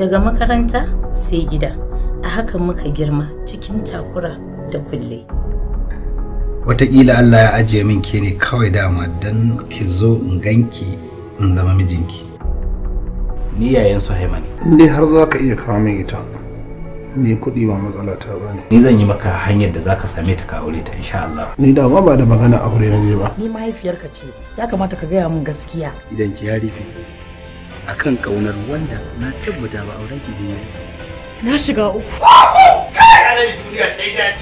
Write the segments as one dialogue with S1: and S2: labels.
S1: daga makaranta sai gida a haka
S2: muka girma cikin takura da kulle
S3: wataƙila allah ya ajiye min ke ne kawai dama don ki zo in ganki in zama mijinki
S4: ni yayan su haima ne dai har za iya kawo min ita ni kuɗi ba matsala ta ba ni zan yi maka hanyar da za ka same ta ka aure ta insha Allah ni da ma ba da magana aure na je ba
S5: ni mahaifiyarka ce ya kamata ka gaya min gaskiya
S4: idan ki ya rufe akan kaunar wanda na tabbata ba auren ki zai
S5: na shiga uku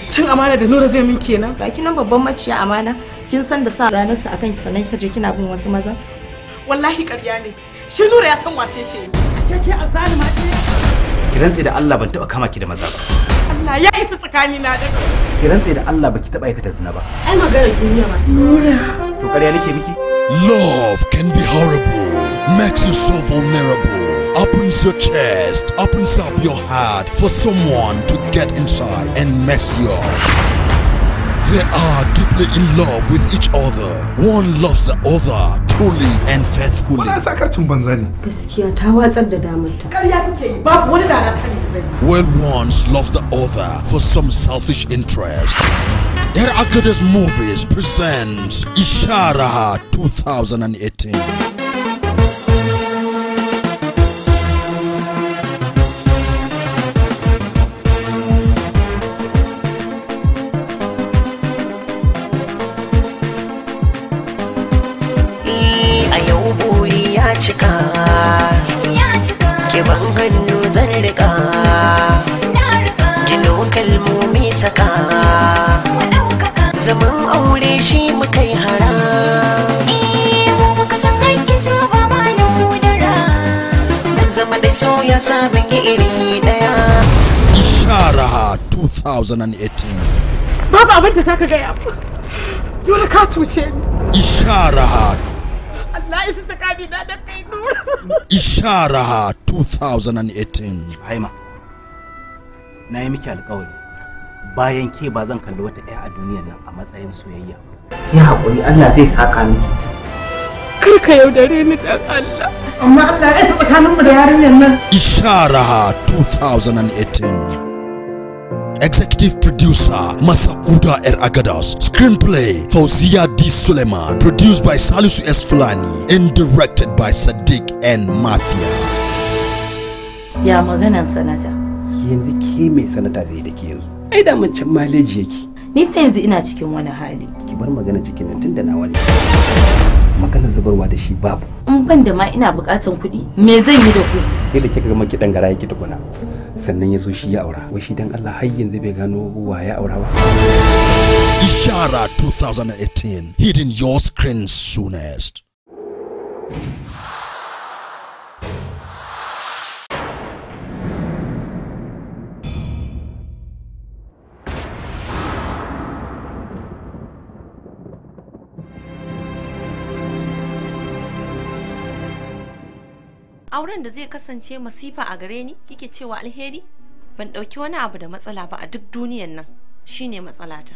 S5: cin amana da nura zai min kenan baki nan babban maciya amana kin san da sa ranar sa akan ki sanan kika je kina bin wasu maza wallahi ƙarya ne shi nura ya san wace ce ashe ke azalima ce
S4: ki rantse da Allah ban taba kama ki da maza ba
S6: Allah ya isa tsakani na da
S3: ki rantse da Allah baki taba aikata zina ba
S6: ai magana duniya
S3: ma nura to ƙarya nake miki love can be horrible makes you so vulnerable opens your chest, opens up your heart for someone to get inside and mess you up. They are deeply in love with each other. One loves the other truly and faithfully. Well, one loves the other for some selfish interest. Their Akades Movies presents Ishara 2018.
S7: ki iri daya
S3: ishara 2018
S5: babu abin da zaka gaya dole
S3: ka cuce ni ishara
S6: Allah isa tsakani na da kai
S3: ishara 2018 haima na
S4: yi miki alƙawari,
S3: bayan ke ba zan kalli wata ɗaya a duniyar nan a matsayin soyayya ya haƙuri Allah zai saka miki
S5: kar ka yaudare ni dan Allah amma Allah ya isa tsakaninmu
S3: da yarinyar nan ishara 2018 Executive Producer Masakuda Er Agadas. Screenplay Fauzia D. Suleiman. Produced by Salisu S. Fulani. And directed by Sadiq N. Mafia.
S1: Ya maganan sanata.
S3: Yanzu ke mai
S6: sanata zai da ke yanzu. Ai da mun can maleji yake.
S1: Ni fa yanzu ina cikin wani hali.
S6: Ki bar magana cikin nan da na wani. maganar zubarwa da shi babu
S1: in ban da ma ina bukatan kuɗi
S8: me zan yi da ku sai da kika ga maki dan gara yake tukuna sannan ya zo shi ya aura wai shi dan
S3: Allah har yanzu bai gano wa ya aura ba Ishara 2018 hitting your screen soonest
S1: auren da zai kasance masifa a gare ni kike cewa alheri ban ɗauki wani abu da matsala ba a duk duniyan nan shine matsalata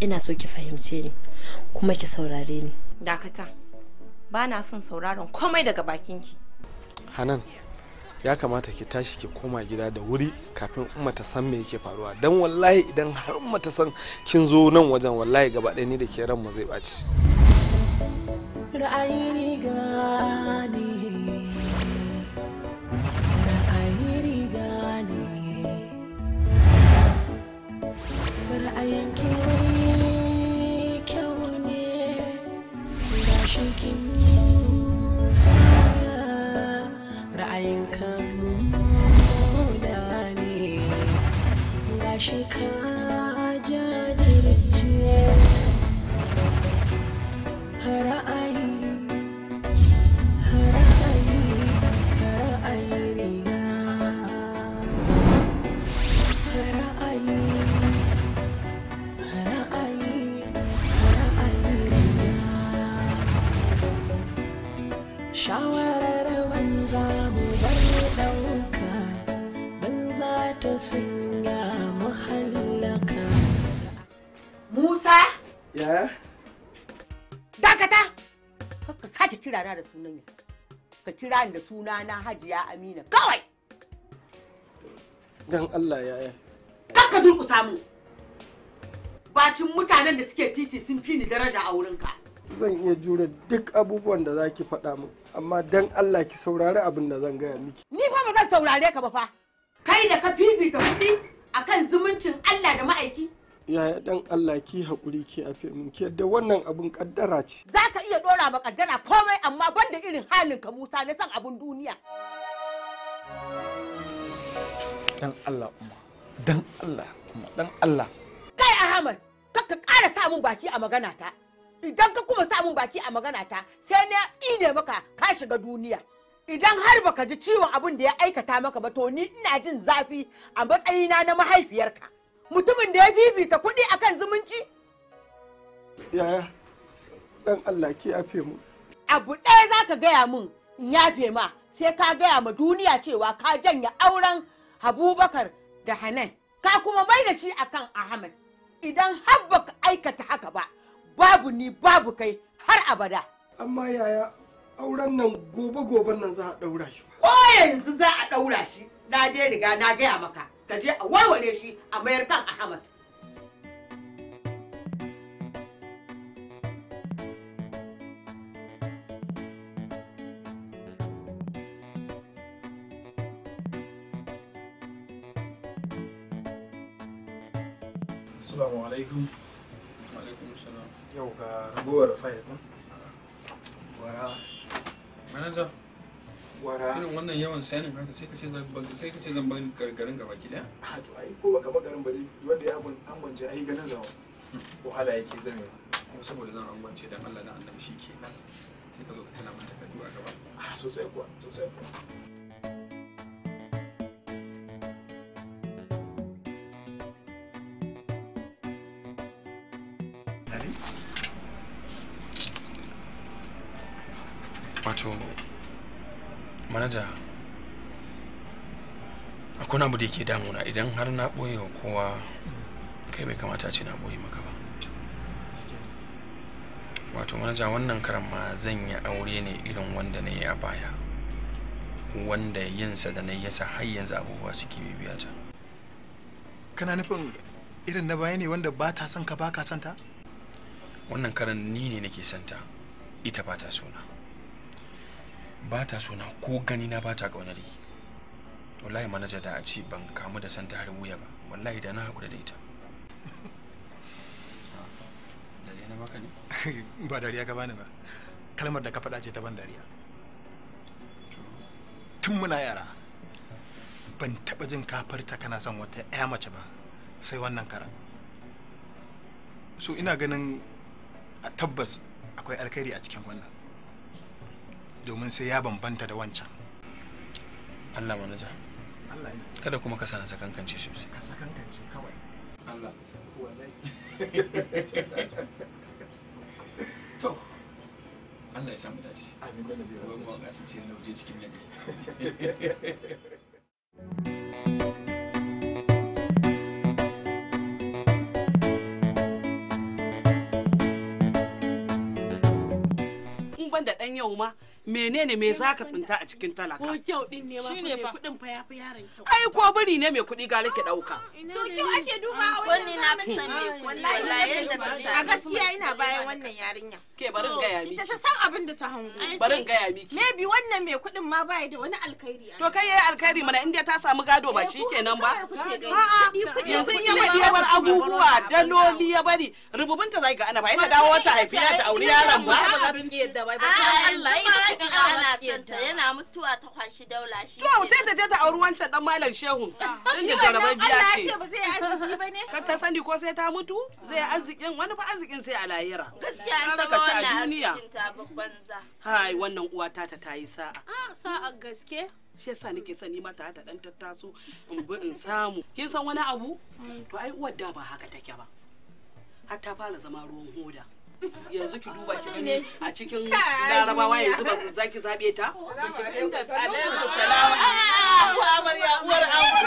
S2: ina so ki fahimce ni kuma ki saurare ni
S1: dakata ba na son sauraron komai daga bakinki
S4: hanan ya kamata ki tashi ki koma gida da wuri kafin umma ta san me yake faruwa dan wallahi idan har umma ta san kin zo nan wajen wallahi gaba ɗaya ni da ke ranmu zai ɓaci
S7: ra'ayi gani
S5: Dakata. Ka sake kira na da sunan ya. Ka kira ni da suna na Hajiya Amina kawai.
S8: Dan Allah ya yi.
S5: Kakka durƙusa mu. Bacin mutanen da suke titi sun fi ni daraja a wurinka.
S8: Zan iya jure duk abubuwan da zaki faɗa min, amma don Allah ki saurari abin da zan gaya miki.
S5: Ni fa ba zan saurare ka ba fa. Kai da ka fifita kuɗi akan zumuncin Allah da ma'aiki.
S8: yaya dan Allah ki haƙuri ki a min ki da wannan abun kaddara ce
S5: za ka iya dora ma kaddara komai amma banda irin halin ka Musa na san abun duniya
S8: dan Allah umma dan Allah umma dan Allah
S5: kai Ahmad ka ka ƙara sa mun baki a magana ta idan ka kuma sa mun baki a magana ta sai na ine maka ka shiga duniya idan har baka ji ciwon abun da ya aikata maka ba to ni ina jin zafi a matsayina na mahaifiyarka mutumin da ya fifita kuɗi akan zumunci?
S8: Yaya, ɗan Allah ke yafe mu.
S5: Abu ɗaya za ka gaya min in yafe ma sai ka gaya ma duniya cewa ka janya auren Habubakar da Hanan. Ka kuma mai da shi akan Ahmad. Idan har baka aikata haka ba, babu ni babu kai har abada. Amma yaya auren nan gobe-goben nan za a ɗaura shi. Ko yanzu za a ɗaura shi, na dai riga na gaya maka. ta je a warware shi a mayar kan Ahmad.
S3: Assalamu alaikum. Alaikum salam. Yau ga ragowar faizin. Wara. Manaja.
S8: gwara irin wannan yawan sayanin haka sai ka ce zan sai ka zan ban garin gaba gida? daya a to ai ko baka ba garin ba wanda ya gun an gwance ai ganin zawa wahala yake zame kuma saboda nan an gwance dan Allah da annabi shi kenan sai ka zo ka tana mun takardu a gaba sosai
S3: kuwa sosai kuwa
S8: manaja akwai abu da yake damuna idan har na ɓoye wa kowa kai bai kamata ce na ɓoye maka ba wato manaja wannan karan ma zan yi aure ne irin wanda na yi a baya wanda yinsa da na yi yasa har yanzu abubuwa suke bibiya ta
S4: kana nufin irin na baya ne wanda ba ta son ka ba ka santa
S8: wannan karan ni ne nake santa ita ba ta sona ba ta na ko gani na ba ta ƙaunar yi wallahi manaja da a ce ban kamu da santa har wuya ba wallahi da na haƙura da ita dariya na
S4: baka ne ba dariya ka bani ba kalmar da ka faɗa ce ta ban dariya tun muna yara ban taɓa jin kafarta kana son wata 'ya mace ba sai wannan karan so ina ganin a tabbas akwai alkhairi a cikin wannan domin sai ya bambanta
S8: da wancan Allah manaja Allah ya kada kuma ka sanan sakankance shi ka sakankance kawai Allah wallahi to Allah ya samu dace amin da nabi ruwan mu ga sun ce lauje cikin yadda
S6: in ban da dan yau ma menene me za ka tsinta a cikin talaka ko kyau din ne ma shine fa kudin fa yafi yaron kyau ai ko bari ne mai kudi ga lake dauka ah, to kyau ake duba a
S7: wannan na fi san me wallahi yanda ta a gaskiya ina bayan wannan
S1: yarinya ke barin ga yami ita ta san abin da ta hango barin ga yami ke maybe wannan mai
S6: kudin ma bai da wani alkhairi to kai yayi alkhairi mana inda ta samu gado ba eh, shikenan ba yanzu in ya bari ya bar abubuwa daloli ya bari rububunta zai ga ana ba ina dawo wata haifiya ta aure yaron ba ba za
S1: ta yadda ba Allah dan ana son yana mutuwa ta kwashi daula shi.
S6: To sai ta je ta auri wancan dan malam shehu. Ah. Din da jarabai biya ce. Allah ce ba zai arziki ba ne. Kan ta sani ko sai ta mutu zai arzikin wani fa arzikin sai a lahira. Gaskiya an taba wannan arzikin ta banza. Hai wannan uwa ta ta yi sa'a. a ah,
S7: sa'a gaske.
S6: shi yasa nake sani ni mata ta dan tattaso in bi in samu kin san wani abu mm. to ai uwar da ba haka take ba har ta fara zama ruwan hoda yanzu ki duba ki gani a cikin larabawa yanzu ba za ki zabe ta
S5: inda alaikum salam amarya uwar amarya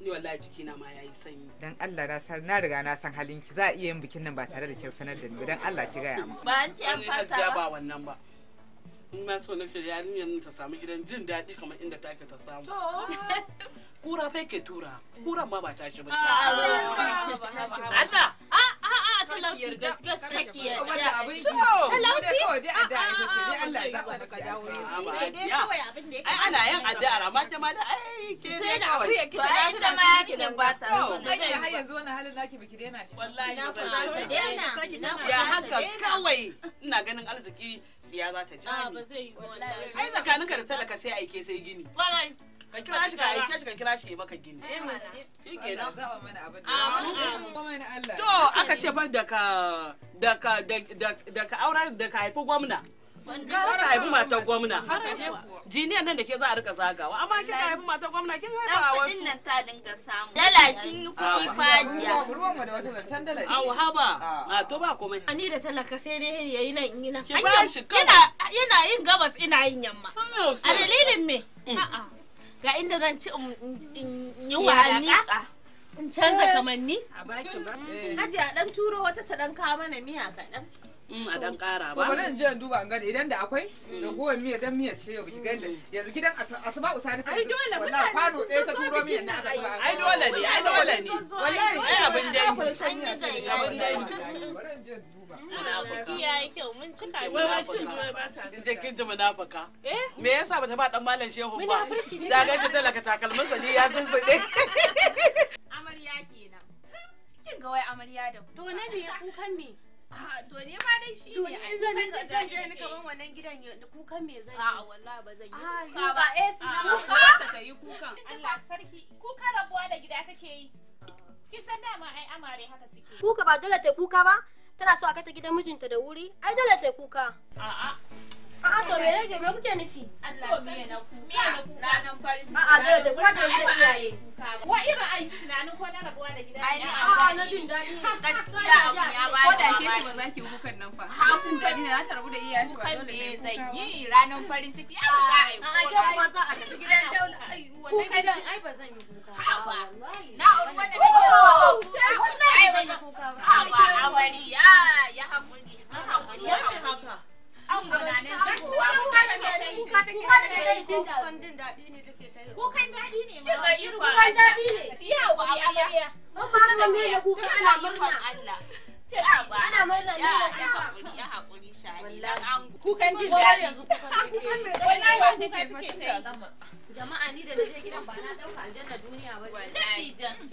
S6: ni wallahi jikina ma yayi sanyi
S5: dan Allah na san na riga na san halinki za a iya yin bikin nan ba tare da kin sanar da ni dan Allah ki gaya ya ba
S6: an ce an fasa ba wannan ba na so na ke yarinyar ta samu gidan jin daɗi kamar inda take ta samu. Kura fai ke tura, kura ma ba ta shi ah, ah,
S7: ba. Allah! A a a talauci gaskas take ah, ya da. Talauci? Ai ana yin addu'ar amma
S6: ta ma da ai ke ne kawai. Sai da ku ya da ma ya kidan ba ta. Ai yanzu
S5: wannan halin naki biki daina shi. Wallahi ba Ya haka
S6: kawai ina ganin arziki tsiya za ta ja ah, ni.
S5: Ai tsakaninka
S6: da talaka sai aike sai gini.
S7: Ka kira shi ka aike shi ka
S6: kira shi maka gini. Eh, shi To aka ce fa da ka da ka da ka haifi gwamna. Gara ka haifi matar gwamna. Jiniyan nan da ke za a rika zagawa. Amma kika haifi matar gwamna kin haifa a wasu. nan ta dinga samu. Dala kin yi kuɗi fajiya. Ruwan mu da wata zancen dala. Au haba. A to ba komai. Ni da talaka sai dai yayi
S1: nan in yi nan. Ki ba shi kawai. Yana yin gabas ina yin yamma. A dalilin me? Mm. A'a. Ga inda zan ci in yi wahala.
S6: In canza eh. kamanni. A
S5: baki ba.
S1: Hajiya dan turo wata ta ɗan kawo mana miya kaɗan.
S5: a dan kara ba. Bari in je in duba gani idan da akwai mm. ragowar miya dan miya ce yau ki gani mm. yanzu gidan asuba usani fa. Ai dole
S6: mutane kwano ɗaya ta turo miyan na aka zuba. Ai dole ne ai dole ne. Wallahi ai abin dangi. Abin dangi.
S7: Bari in je in duba. kyau mun cika ki. Wai wai kin ji ba ta. Kin
S6: ji munafika. Eh? Me yasa bata ba dan malam Shehu ba?
S5: Munafurci ne. Da ga shi talaka takalmin sa ne ya zunzuɗe.
S6: Amarya
S1: kenan. Kin ga wai amarya da. To na me kukan me? to ne ma dai shi ne ai zan je zan je ni kaman wannan gidan kukan me zan yi a wallahi ba zan yi ah, kuka ba eh su na kuka ta
S6: yi kukan Allah
S1: sarki kuka rabuwa da gida take yi ki san dama ai amare haka suke kuka ba dole ta kuka ba tana so a kai ta gidan mijinta da wuri ai dole ta kuka a'a A'a to me rage me kuke nufi? Allah sai na ku. Me na ku ranan farin ciki. A'a dole da kuna da iyaye. Wa irin ai tunanin ko na rabuwa da gida. Ai a'a na jin daɗi. Gaskiya abu ya ba. Ko da ke ci ba za ki yi kukan nan fa. Ha kun daɗi na ta rabu da iyaye ba dole ne zan yi ranan farin ciki. Ya ba za a A'a ke kuma za a tafi gidan daula. Ai wannan
S7: gidan ai ba zan yi
S1: kuka. Ha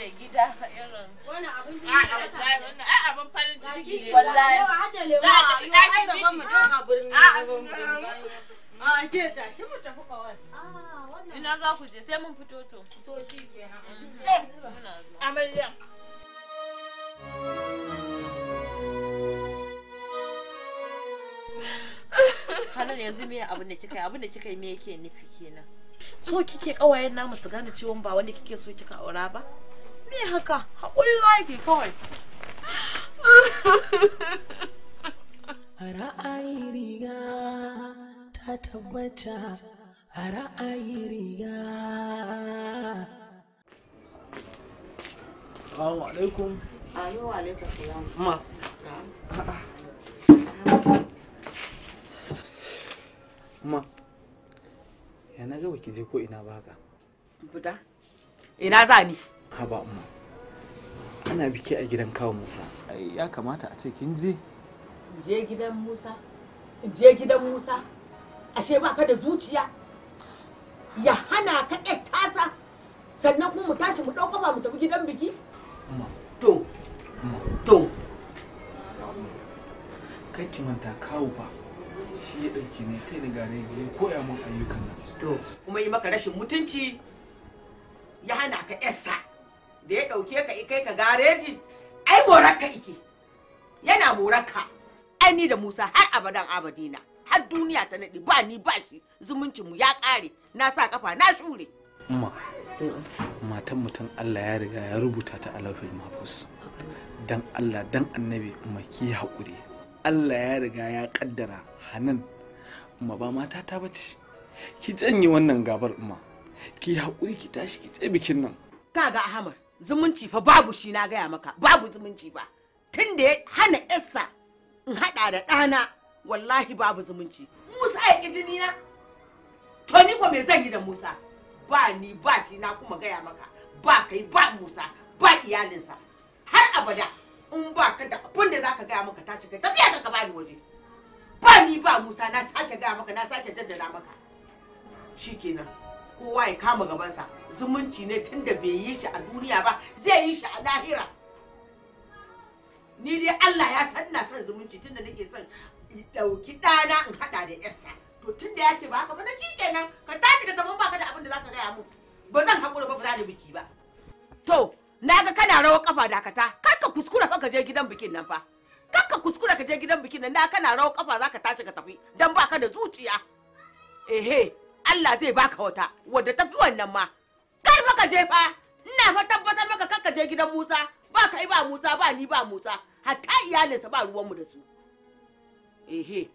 S2: da gida irin wannan
S1: abin farin ciki ne za a tafi mu dinga birni a ke mu tafi ina za ku je sai mun fito to to shi ke mm. eh, eh,
S2: amarya yanzu me abin da kika yi abin da kika yi me yake nufi kenan so kike kawayen namu su gane ciwon ba wanda kike so kika aura ba me haka haƙuri zaki
S7: kawai a ra'ayi riga ta tabbata ra'ayi riga Assalamu alaikum.
S5: Assalamu ah, alaikum
S4: Ma. Ma. Ya na ga je ko ina ba haka. Ina za ni? haba amma ana biki a gidan kawo musa ya kamata a ce kin je
S5: je gidan musa je gidan musa ashe baka da zuciya ya hana ka tasa sannan kuma mu tashi mu ɗauka ba mu tafi gidan biki
S4: to to kai ki manta kawo ba shi ya ɗauki ne kai ni ne je koya min ayyukan nan to
S5: kuma yi maka rashin mutunci ya hana ka 'yarsa dauke ka kai ka gareji ai morarka ike yana morarka ai ni da Musa har abadan abadina har duniya ta nadi ba ni ba shi zumuncin mu ya kare na sa kafa na shure
S4: umma matan mutum Allah ya riga ya rubuta ta alafil mafus dan Allah dan annabi umma ki hakuri
S6: Allah ya riga ya kaddara
S4: hanan umma ba mata ta bace ki janye wannan gabar umma ki hakuri ki tashi ki tsaye bikin nan
S5: kaga Ahmad zumunci fa babu shi na gaya maka babu zumunci ba tun da ya hana yarsa in haɗa da ɗana wallahi babu zumunci musa ya jini na to ni ko me zan yi da musa ba ni ba shi na kuma gaya maka ba kai ba musa ba iyalinsa har abada in ba ka da abin da za gaya maka ta cika tafiya ka ka bani waje ba ni ba musa na sake gaya maka na sake jaddada maka shikenan kowa ya kama gabansa zumunci ne tun da bai yi shi a duniya ba zai yi shi a lahira ni dai Allah ya san na son zumunci tun da nake son ɗauki ɗana in haɗa da yarsa to tun da ya ce ba haka ba na shi kenan ka tashi ka tafi baka da abin da zaka gaya mu ba zan haƙura ba ba za da biki ba to na ga kana rawar kafa dakata kar ka kuskura ka je gidan bikin nan fa kar ka kuskura ka je gidan bikin nan na kana rawar kafa zaka tashi ka tafi dan baka da zuciya ehe Allah zai baka wata wadda tafi wannan ma kar maka je fa ina fa tabbatar maka kakka je gidan Musa ba kai ba Musa ba ni ba Musa hatta iyalinsa ba ruwanmu da su ehe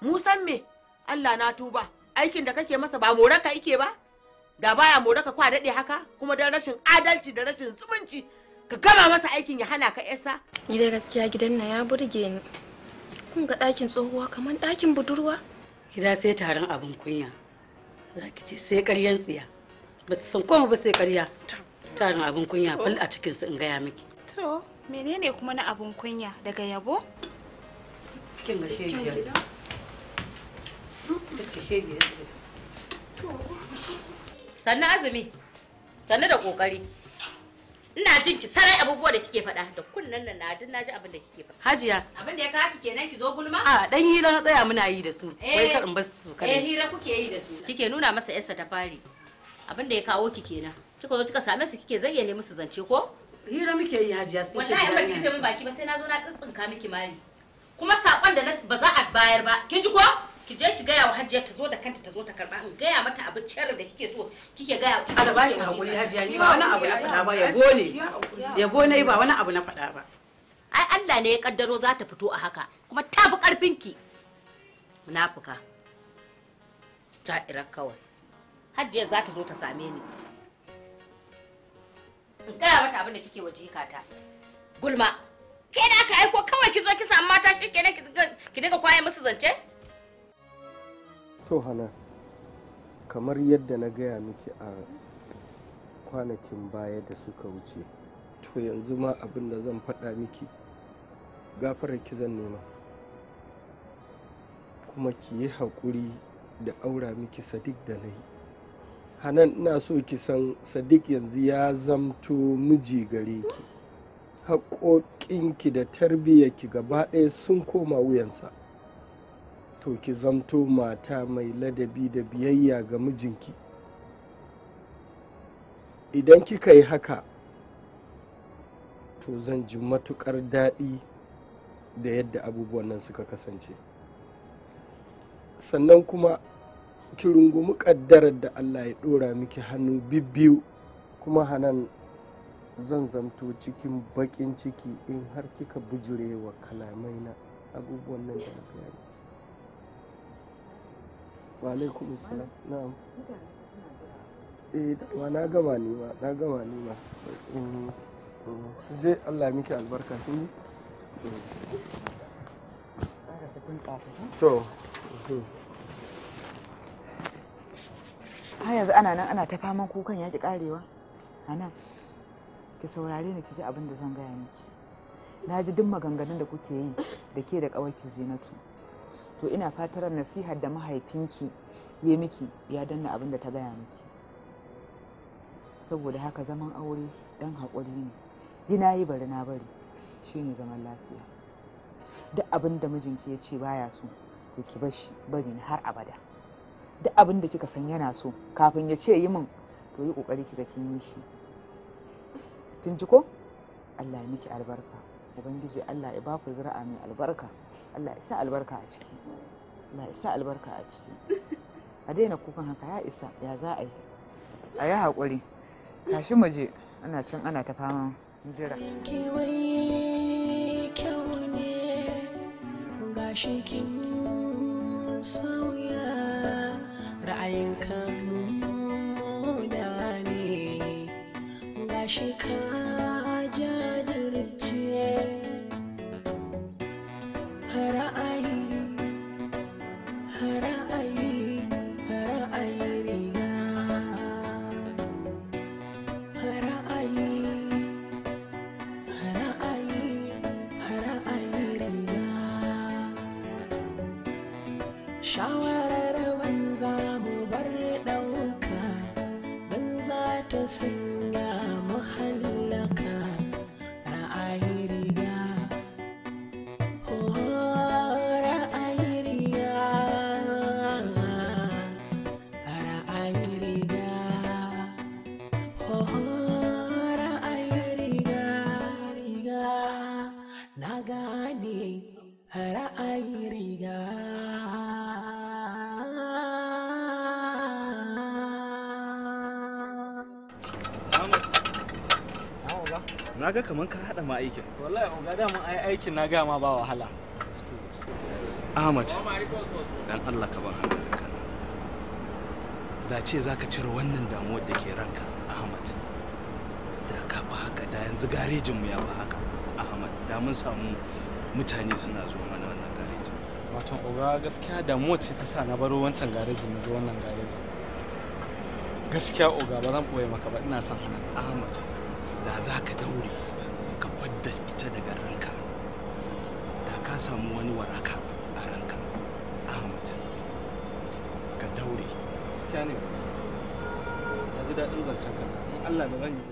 S5: Musan me Allah na tuba aikin da kake masa ba moraka ike ba da baya moraka kwa daɗe haka kuma don rashin adalci da rashin zumunci ka gama masa aikin ya hana ka yasa
S1: ni dai gaskiya gidan na ya burge ni
S5: kun ga ɗakin tsohuwa kamar ɗakin budurwa
S1: gida sai taron abin kunya za ki ce sai ƙaryan tsiya ba su san koma ba sai ƙarya tarin abin kunya bal a cikinsu in gaya miki
S5: to menene kuma na abin kunya daga yabo
S1: kin ga shegiyar hmm? ta ce shegiyar sannan azumi sannan da kokari ina jin ki sarai abubuwa da kike faɗa da kunnan nan na na ji abin da kike faɗa hajiya abin da ya kaki kenan ki zo gulma a dan hira tsaya muna yi da su eh. wai kar in basu su kare eh hira kuke yi da su kike nuna masa yarsa ta fari abin da ya kawo ki kenan kika zo kika same su kike zayyane musu zance ko hira muke yi hajiya sai ce wallahi ban ba rufe min baki ba sai na zo na tsintsinka miki mali kuma sakon da ba za a bayar ba kin ji ko ki je ki gaya wa hajiya ta zo da kanta ta zo ta karba in gaya mata abin charra da kike so kike gaya ki da baki hakuri hajiya ni ba wani abu na faɗa ba ya ne ya ne ba wani abu na faɗa ba ai Allah ne ya kaddaro za ta fito a haka kuma ta fi karfin ki munafuka ta ira kawai hajiya za ta zo ta same ni in gaya mata abin da kike waje ta gulma ke da aka aiko kawai ki zo ki samu mata shi kenan ki dinga kwaye musu zance
S8: to hana kamar yadda na gaya miki a kwanakin baya da suka wuce to yanzu ma abin da zan faɗa miki gafarar ki zan nema kuma ki yi haƙuri da aura miki sadiq da na hanan ina so ki san sadiq yanzu ya zamto miji gare ki haƙoƙinki da tarbiyyarki gaba ɗaya sun koma wuyansa to ki zamto mata mai ladabi da biyayya ga mijinki idan kika yi haka to zan ji matukar daɗi da yadda abubuwan nan suka kasance sannan kuma ki rungumi ƙaddarar da allah ya ɗora miki hannu bibbiyu kuma hanan zan zamto cikin baƙin ciki in har kika bujurewa kalamai na abubuwan nan da na bayani wa alaikum salam na'am eh dama na gama ne ma na gama ne ma je Allah miki albarka sun
S4: to
S5: har yanzu ana nan ana ta faman kukan yaki karewa a nan ki saurare ni ki ji abin da zan gaya miki na ji duk maganganun da kuke yi da ke da ƙawarki zinatu to ina fatar nasihar da mahaifinki ya miki ya danna abin da ta gaya miki saboda haka zaman aure dan haƙuri ne gina yi bari na bari shine zaman lafiya duk abin da mijinki ya ce baya so to ki bashi bari na har abada duk abin da kika san yana so kafin ya ce yi min to yi kokari kika kin yi shi kin ji ko Allah ya miki albarka ubangiji allah ya baku zira'a mai albarka allah ya albarka a ciki allah ya albarka a ciki a daina kukan haka ya isa ya za a yi a yi haƙuri tashi mu je ana can ana ta fama
S7: jira gashi ne gashi ka
S4: na ga kamar ka haɗa ma aikin wallahi oga dama ai aikin na gama ba wahala ahmad dan allah ka ban hankalinka da ce za ka cire wannan damuwar da ke ranka ahmad da ka ba haka da yanzu garejinmu ya ba haka ahmad da mun samu mutane suna zuwa mana wannan garejin wato oga gaskiya damuwar ce ta sa na baro wancan garejin na zuwa wannan garejin gaskiya oga ba zan ɓoye maka ba ina son hana ahmad da za ka daure ka fadda ita daga ranka da ka samu wani waraka a ranka ahmad ka daure gaskiya ne na
S6: ji daɗin zancen ka allah da zan yi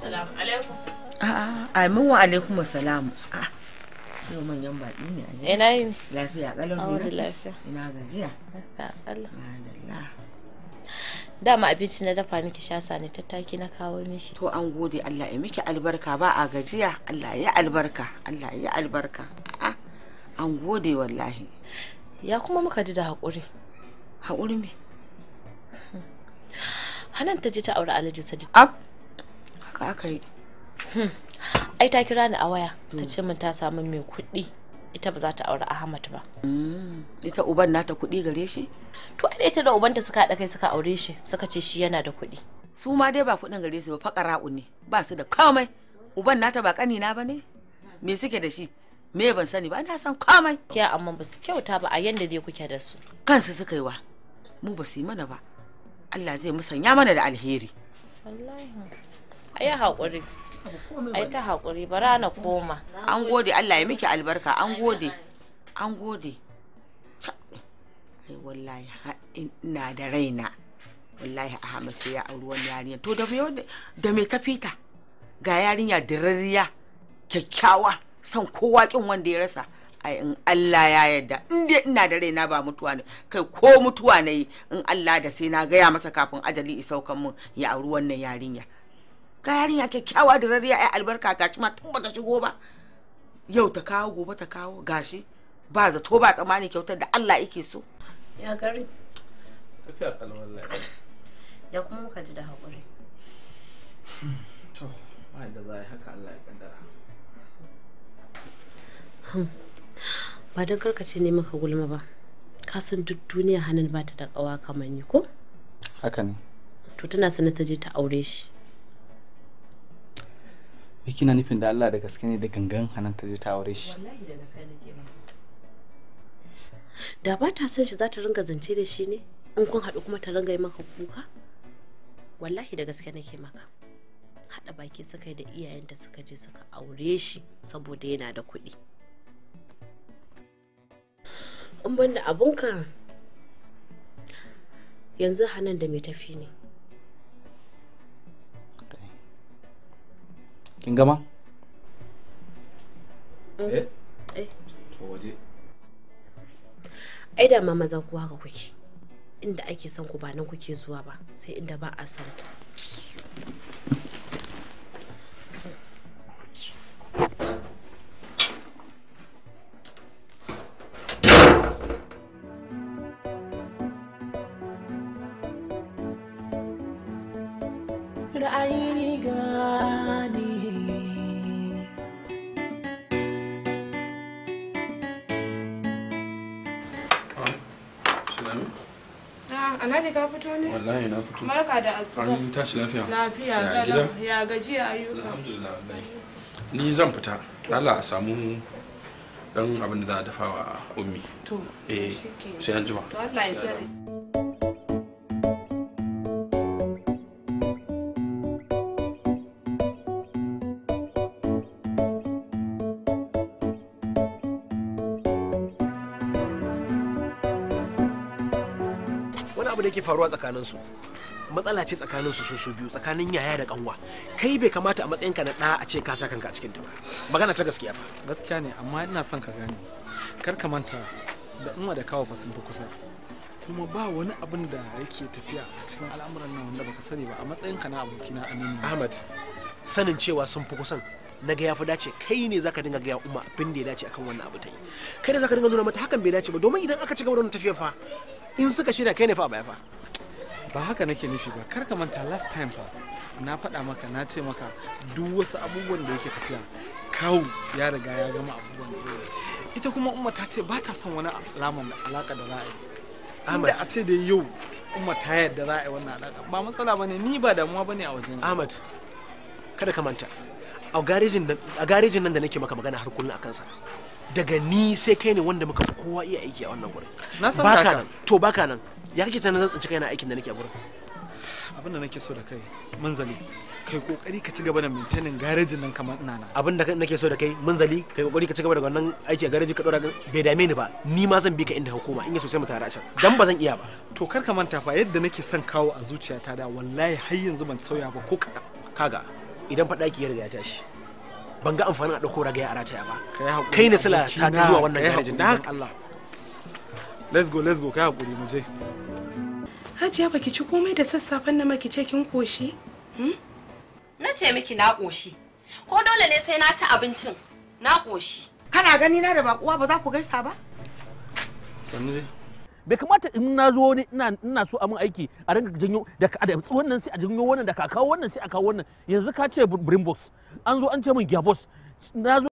S6: salamu alaikum
S5: a'a amin wa alaikum assalam ah, yau manyan baɗi ne a ina yi lafiya ƙalon ƙalau ina gajiya lafiya ƙalau dama abinci na dafa miki shasa ne tattaki na kawo miki to an gode Allah ya miki albarka ba a gajiya Allah ya albarka Allah ya albarka an gode wallahi ya kuma muka ji da haƙuri haƙuri me
S2: hanan ta je ta aure alhaji Sadi ab
S5: haka aka yi hmm.
S2: ai ta kira ni a waya ta hmm. ce min ta samu mai kuɗi ita ba za ta aure Ahmad ba.
S5: Hmm, ita uban nata kuɗi gare shi? To ai ita da ubanta suka haɗa kai suka aure shi suka ce shi yana da kuɗi. Su ma dai ba kuɗin gare su ba faƙara'u ne ba su da komai. Uban nata ba na ba ne? Me suke da shi? Me ban sani ba na san komai. Kiya amma ba su kyauta ba a yanda dai kuke da su. Kansu suka yi wa. Mu ba su yi mana ba. Allah zai musanya mana da alheri. Wallahi. Ai haƙuri. ai ta haƙuri ba rana koma an gode Allah ya miki albarka an gode an gode ai wallahi ina da raina wallahi Ahmad sai ya auri wani yarinya to da me da me tafita ga yarinya dirarriya kyakkyawa san kowa kin wanda ya rasa ai in Allah ya yarda in dai ina da raina ba mutuwa ne kai ko mutuwa ne in Allah da sai na gaya masa kafin ajali isaukan mun ya auri wannan yarinya ga yarinya kyakkyawa da rariya ai albarka gashi ma tun bata shigo ba yau ta kawo gobe ta kawo gashi ba zato ba tsammani kyautar da Allah yake so ya gari
S8: tafiya kalmar lafiya
S5: ya kuma muka ji da haƙuri
S4: to ba da za haka Allah ya kaddara
S2: hmm. ba don karkace ne maka gulma ba ka san duk duniya hannun ba ta da kawa kamar ni ko haka ne to tana sanar ta je ta aure shi
S8: wai kina
S4: nufin da Allah da gaske ne da gangan hannun ta je ta aure shi
S2: da ba ta san shi za ta ringa zance da shi ne in kun haɗu kuma ta ringa yi maka kuka wallahi da gaske nake maka haɗa baki suka yi da iyayenta suka je suka aure shi saboda yana da kuɗi in abunka yanzu hannun da mai tafi ne
S4: kin gama eh. eh to waje
S2: ai da ma maza kuwa ka kuke inda ake son ku ba nan kuke zuwa ba sai inda ba a son ku
S5: ka fito ne?
S3: Wallahi na
S6: fito. Barka da asuba. lafiya. Lafiya Ya ayyuka.
S8: Ni zan fita. Allah a samu dan abin da za a dafa wa ummi.
S6: To. Eh. Sai an jima. To
S4: yake faruwa tsakanin su matsala ce tsakanin su su biyu tsakanin yaya da kanwa kai bai kamata a matsayin ka na da a ce ka sa kanka a cikin ta ba magana ta gaskiya fa gaskiya ne amma ina son ka gane kar ka manta da umma da kawo sun fi kusa kuma ba wani abin da yake tafiya a cikin al'amuran nan wanda baka sani ba a matsayin ka na abokina aminu ahmad sanin cewa sun fi kusan na ga yafi dace kai ne zaka dinga gaya umma abin da ya dace akan wannan abu ta yi kai ne zaka dinga nuna mata hakan bai dace ba domin idan aka ci gaba da wannan tafiya fa in suka shirya kai ne fa baya fa ba haka nake nufi ba kar ka manta last time fa na faɗa maka na ce maka duk wasu abubuwan da yake tafiya kawu ya riga ya gama abubuwan da ita kuma umma ta ce ba ta son wani alaman alaka da ra'ayi da a ce da yau umma ta yarda za a yi wannan alaka ba matsala bane ni ba damuwa bane a wajen Ahmad kada ka manta a garejin nan da nake maka magana har kullun a sa daga ni sai kai ne wanda muka fi kowa iya aiki a wannan gurin na san baka nan to baka nan ya kake tunanin zan tsinci kaina aikin da nake a gurin abin da nake so da kai munzali. kai kokari ka ci gaba da mintanin garejin nan kamar ina nan abin da nake so da kai munzali, kai kokari ka ci gaba da wannan aiki a gareji ka dora bai dame ni ba ni ma zan bi ka inda hukuma in ya so sai mu tare a can dan ba zan iya ba to kar ka manta fa yadda nake son kawo a zuciyata da wallahi har yanzu ban sauya ba ko kaga idan faɗaki ya riga ya tashi ban ga amfanin a ɗauko ragaya a rataya ba kai na sila ta ta zuwa wannan garejin da haka Allah let's go let's go kai hakuri mu je
S6: Hajiya baki ci komai da sassafen na maki ce kin koshi hmm?
S5: na ce miki na koshi ko dole ne sai na ci abincin na koshi kana gani na da bakuwa ba za ku gaisa ba
S4: sannu dai bai kamata in na zo ne ina so amin aiki a ringa janyo da ka
S6: wannan sai a janyo wannan da ka kawo wannan sai a kawo wannan yanzu ka ce brimbox an zo an ce min gyabos na zo